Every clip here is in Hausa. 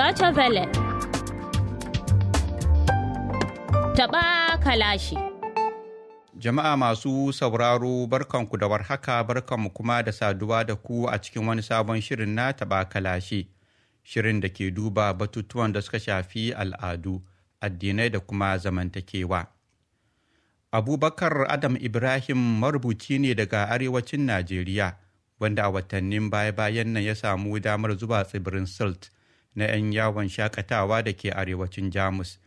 Deutsche Welle. Taɓa kalashi. Jama'a masu sauraro barkanku da warhaka barkanmu kuma da saduwa da ku a cikin wani sabon shirin na taɓa kalashi. Shirin da ke duba batutuwan da suka shafi al'adu, addinai da kuma zamantakewa. Abubakar Adam Ibrahim marubuci ne daga arewacin Najeriya. wanda a watannin baya-bayan nan ya samu damar zuwa tsibirin silt na 'yan yawon shakatawa da ke arewacin jamus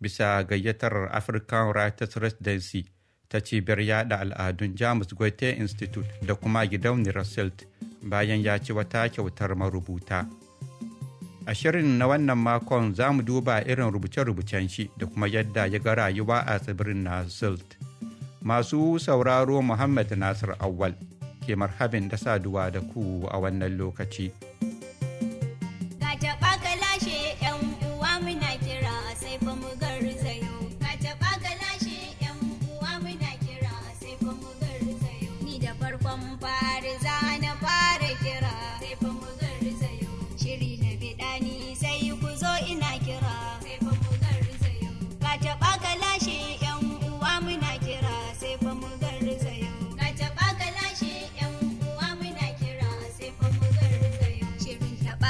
bisa gayyatar african writers residency ta cibiyar yada al'adun jamus goethe institute da kuma gidauniyar silt bayan ya ci wata kyautar marubuta a shirin na wannan makon za mu duba irin rubuce-rubucen shi da kuma yadda ya ga rayuwa a tsibirin na silt masu sauraro muhammad nasir awal ke marhabin da saduwa da ku a wannan lokaci.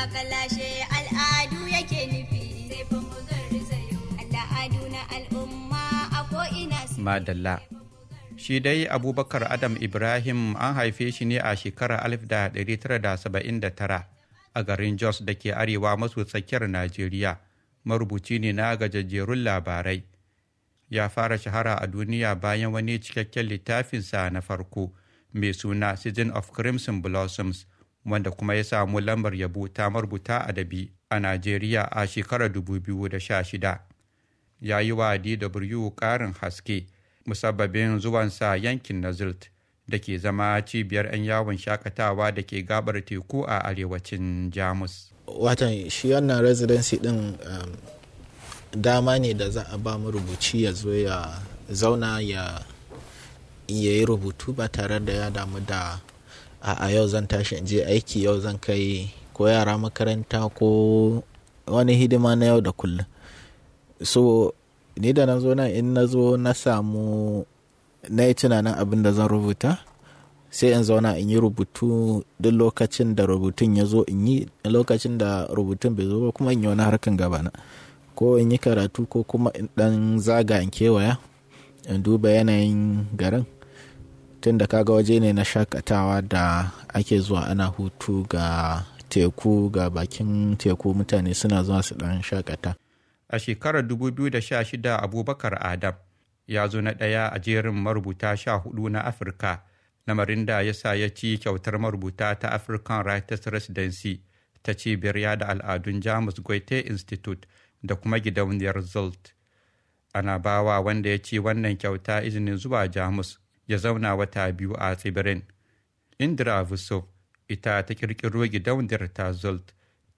kalashe al'adu yake nufi madalla shi dai abubakar adam ibrahim an haife shi ne a shekarar 1979 a garin jos da ke arewa maso tsakiyar najeriya marubuci ne na gajajjerun labarai ya fara shahara a duniya bayan wani cikakken littafinsa na farko mai suna season of crimson blossoms wanda kuma ya samu lambar yabo ta marubuta adabi a Najeriya a shekarar 2016. Ya yi wa DW ƙarin haske musabbabin zuwansa yankin Nazilt da ke zama cibiyar 'yan yawon shakatawa da ke gabar teku a arewacin Jamus. Watan shi wannan residency din um, dama ne da za a ba rubuci ya zo ya zauna ya yi rubutu ba tare da ya damu da a yau zan tashi in je aiki yau zan kai ko yara makaranta ko wani hidima na yau da kullum so ni da na zo nan in na zo na samu na yi tunanin abin da zan rubuta sai in zauna in yi rubutu duk lokacin da rubutun ya zo in yi lokacin da rubutun bai zo ba kuma in yi wani harkan na? ko in yi karatu ko kuma in dan zaga in kewaya in duba yanayin garin tunda kaga waje ne na shakatawa da ake zuwa ana hutu ga teku ga bakin teku mutane suna zuwa su dan shakata a shekarar 2016 abubakar adam ya zo na ɗaya a jerin marubuta sha hudu na afirka lamarin da ya sa ya ci kyautar marubuta ta african writers residency ta cibiyar yada al'adun jamus goethe institute da kuma gidauniyar zolt ana bawa wanda ya ci wannan kyauta izinin zuwa jamus ya zauna wata biyu a tsibirin indira vusov ita ta kirkiro gidauniyar ta zolt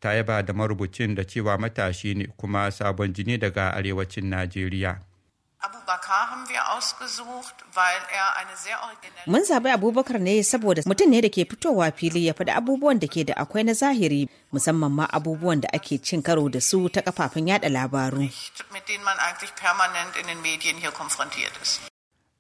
ta yaba da marubucin da cewa matashi ne kuma sabon jini daga arewacin najeriya er Mun zaɓi Abubakar ne saboda mutum ne da ke fitowa fili ya faɗi abubuwan da ke da akwai na zahiri musamman ma abubuwan da ake cin karo da su ta kafafen yada labaru.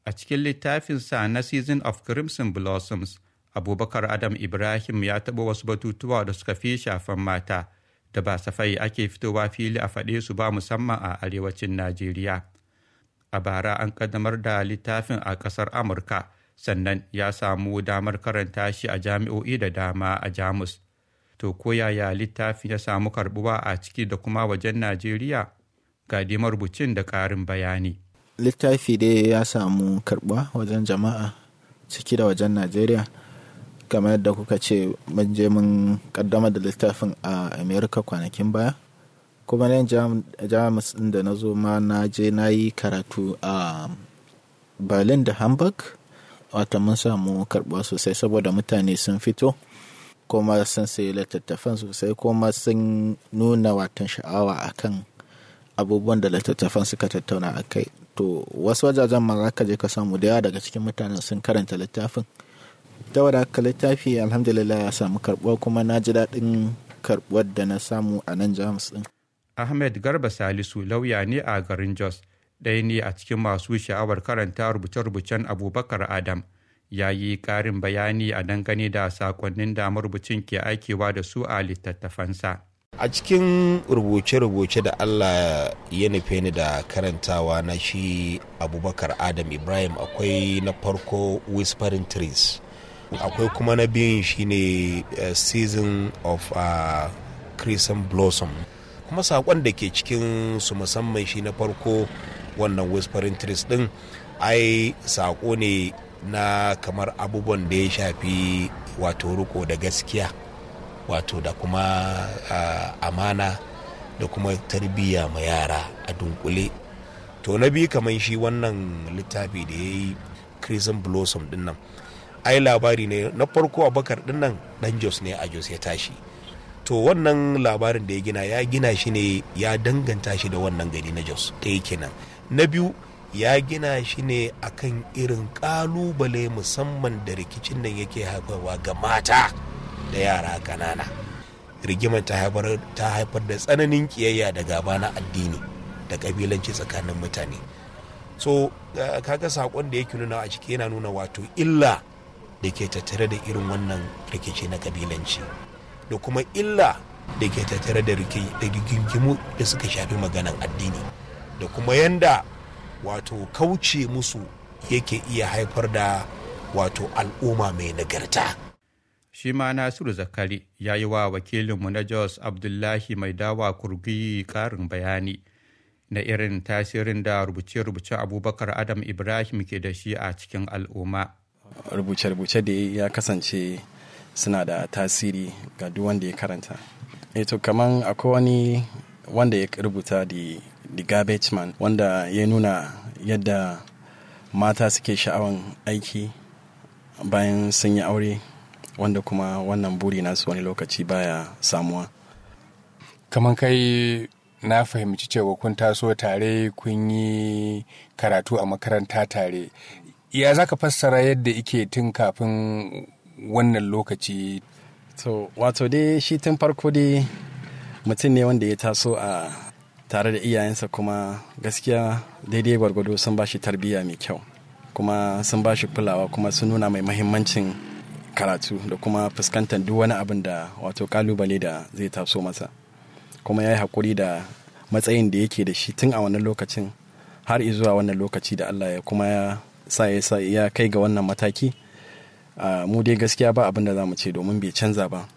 a cikin littafinsa na season of crimson blossoms abubakar adam ibrahim ya taɓa wasu batutuwa da suka fi shafan mata da ba safai ake fitowa fili a faɗe su ba musamman a arewacin najeriya a bara an kaddamar da littafin a ƙasar amurka sannan ya samu damar karanta shi a jami'o'i da dama a jamus to ko yaya littafin ya samu karbuwa a ciki da kuma wajen najeriya ga marubucin da ƙarin bayani littafi dai ya samu karɓa wajen jama'a ciki da wajen najeriya kamar yadda kuka ce mun je mun kaddama da littafin a america kwanakin baya kuma ne jamus ɗin da na zo ma na je na yi karatu a berlin da hamburg wata mun samu karɓa sosai saboda mutane sun fito kuma sun sayi littattafan sosai kuma sun nuna watan sha'awa akan abubuwan da littattafan suka tattauna a kai to wasu wajajen ma zaka ka je ka samu da yawa daga cikin mutanen sun karanta littafin ta wadaka littafi alhamdulillah ya samu karbuwa kuma na ji daɗin karbuwar da na samu a nan jamus ɗin. ahmed garba salisu lauya ne a garin jos ɗaya ne a cikin masu sha'awar karanta rubuce-rubucen abubakar adam ya yi ƙarin bayani a dangane da sakonnin damar marubucin ke aikewa da su a littattafansa. a cikin rubuce-rubuce da allah ya nufe ni da karantawa na shi abubakar adam ibrahim akwai na farko whispering trees akwai kuma na biyun shine eh, season of a ah, crimson blossom kuma saƙon da ke cikin su musamman shi na farko wannan whispering trees din ai saƙo ne na kamar abubuwan da ya shafi wato ruko da gaskiya wato da kuma amana da kuma tarbiyya ma yara a dunkule to na biyu kamar shi wannan littafi da ya yi crimson blossom din nan ai labari ne na farko abakar din nan dan jos ne a jos ya tashi to wannan labarin da ya gina ya gina shi ne ya danganta shi da wannan gari na jos ɗaya kenan na biyu ya gina shi ne akan irin kalubale musamman da rikicin nan yake haifarwa ga mata da yara ƙanana rigimar ta haifar da tsananin kiyayya da gaba na addini da ƙabilanci tsakanin mutane so kaga saƙon da yake nuna a ciki yana nuna wato illa da ke tattare da irin wannan rikici na ƙabilanci da kuma illa da ke tattare da rigingimu da suka shafi maganan addini da kuma yanda wato kauce musu yake iya haifar da wato al'umma mai nagarta shi ma nasiru zakari ya yi wa wakilinmu na jos abdullahi mai dawa kurgi karin bayani na irin tasirin da rubuce-rubuce abubakar adam ibrahim ke da shi a cikin al'umma rubuce-rubuce da ya kasance suna da tasiri ga duk wanda ya karanta eh to kaman akwai wani wanda ya rubuta the garbage man wanda ya nuna yadda mata suke sha'awan aiki bayan sun yi aure wanda kuma wannan buri nasu wani lokaci baya samuwa kamar kai na fahimci cewa kun taso tare kun yi karatu a makaranta tare ya za ka fassara yadda ike tun kafin wannan lokaci so wato dai shi tun farko dai mutum ne wanda ya taso a tare da iyayensa kuma gaskiya daidai gwargwado sun ba shi tarbiyya mai kyau kuma sun ba shi kulawa kuma sun nuna mai mahimmancin karatu da kuma fuskantar duk wani abin da wato kalubale da zai taso masa kuma ya yi haƙuri da matsayin da yake da shi tun a wannan lokacin har zuwa wannan lokaci da Allah ya kuma ya sa ya kai ga wannan mataki mu dai gaskiya ba abin da za mu ce domin bai canza ba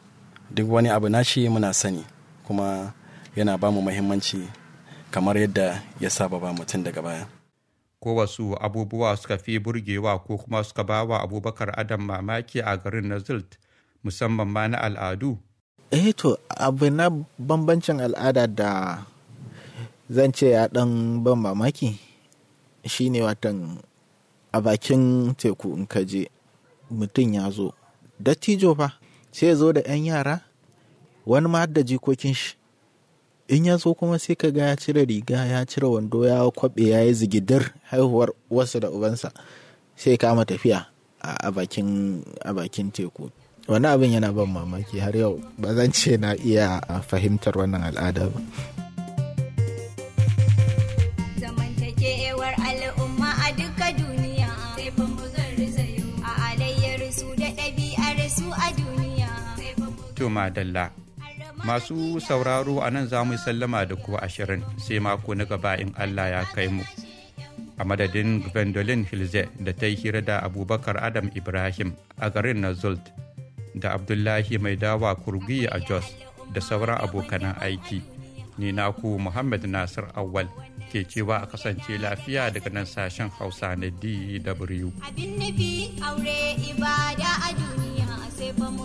duk wani abu na shi muna sani kuma yana ba mu muhimmanci kamar yadda ya saba ba mutum daga baya ko wasu abubuwa suka fi burgewa ko kuma suka ba wa abubakar adam mamaki a garin na zilt musamman ma na al'adu eh to abu na bambancin al'ada da zan ce ya dan ban mamaki shine watan a bakin teku in ka je mutum ya zo dattijo fa sai zo da 'yan yara wani ma da jikokin shi in ya so kuma sai ka ga ya cire riga ya cire wando ya kwabe ya yi zigidar haihuwar wasu da ubansa sai kama tafiya a bakin teku wani abin yana ban mamaki har yau ba zan ce na iya fahimtar wannan al'ada ba to masu sauraro a nan za mu yi sallama da ku ashirin sai mako na gaba in allah ya kai mu a madadin gwendolyn hilze da ta yi hira da abubakar adam ibrahim a garin na zult da abdullahi mai dawa kurgi a jos da sauran abokanan aiki ni naku muhammad nasir awal ke cewa a kasance lafiya daga nan sashen hausa na dw abin nufi aure ibada a duniya sai